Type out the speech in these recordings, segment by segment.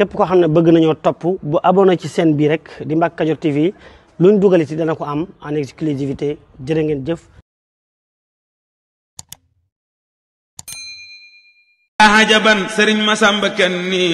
képp koo xam ne bëgg nañoo topp bu abonné ci seen bi rek di Mbacke Kadior TV luñ dugal ci dana ko am en exclusivité jërë ngeen jëf ajaban sëriñ Masamba Kanni nii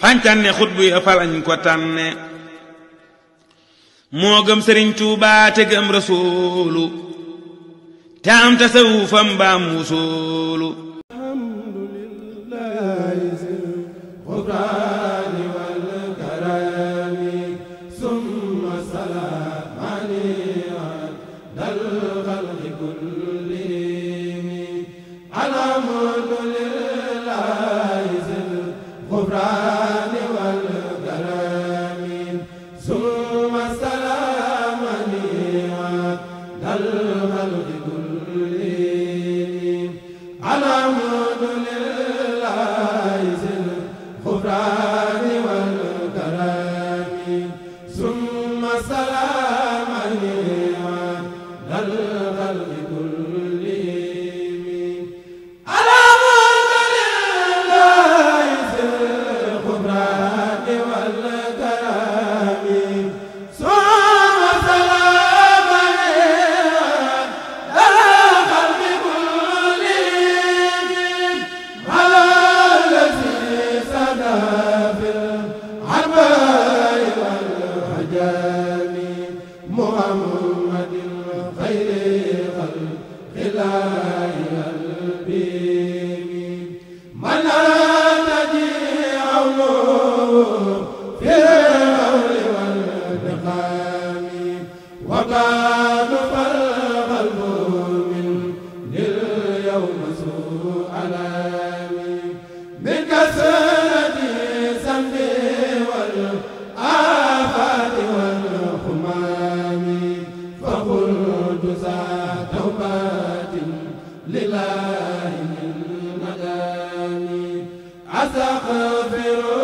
fàncanne xutbu ya falañ ko tànne moo gëm sëriñ Tuubaa gëm rasuulu te am tasawufam baam wusuulu lillaahi min madaani astaghfiru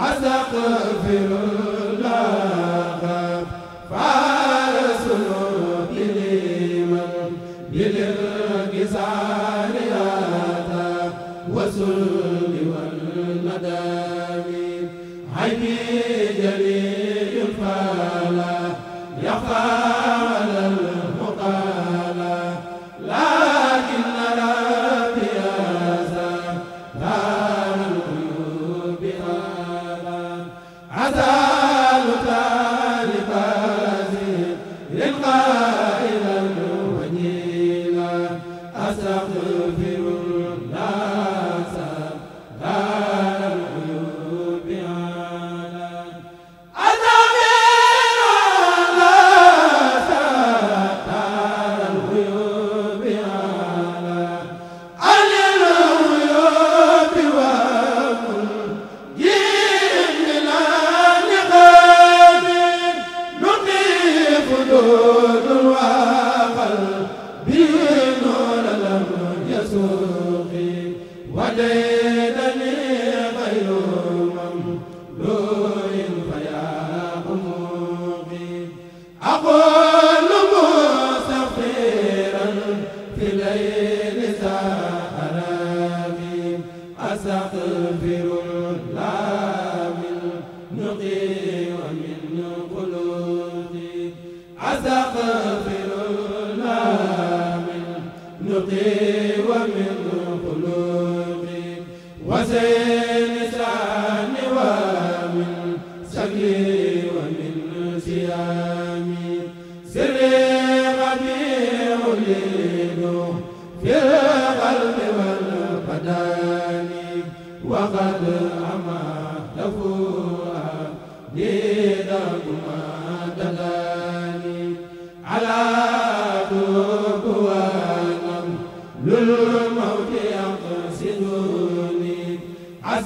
أستغفر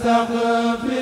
astaghfir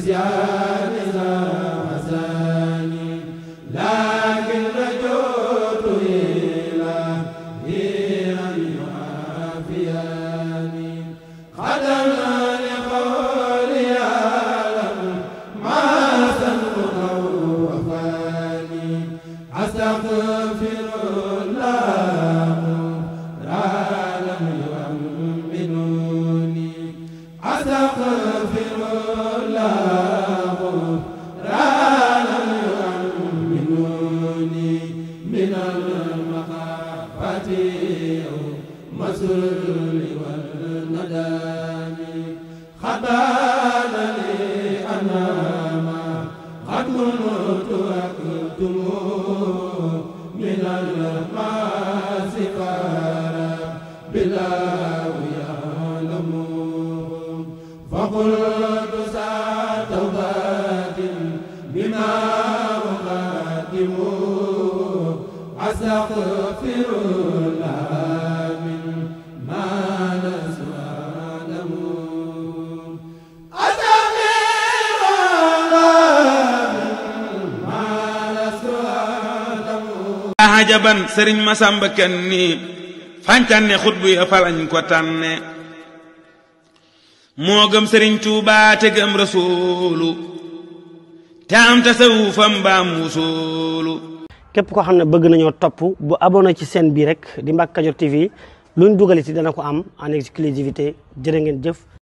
ziyaar ajaban sëriñ Masamba Kanni fañtànne xutbu yi falañ ko tànne moo gëm sëriñ tuuba te gëm rasuulu te am tasawufam ba am wusuulu képp koo xam ne bëgg nañoo topp bu abonné ci seen bii rek di Mbacke Kadior TV luñ dugaliti dana ko am en exclusivité jërë ngeen jëf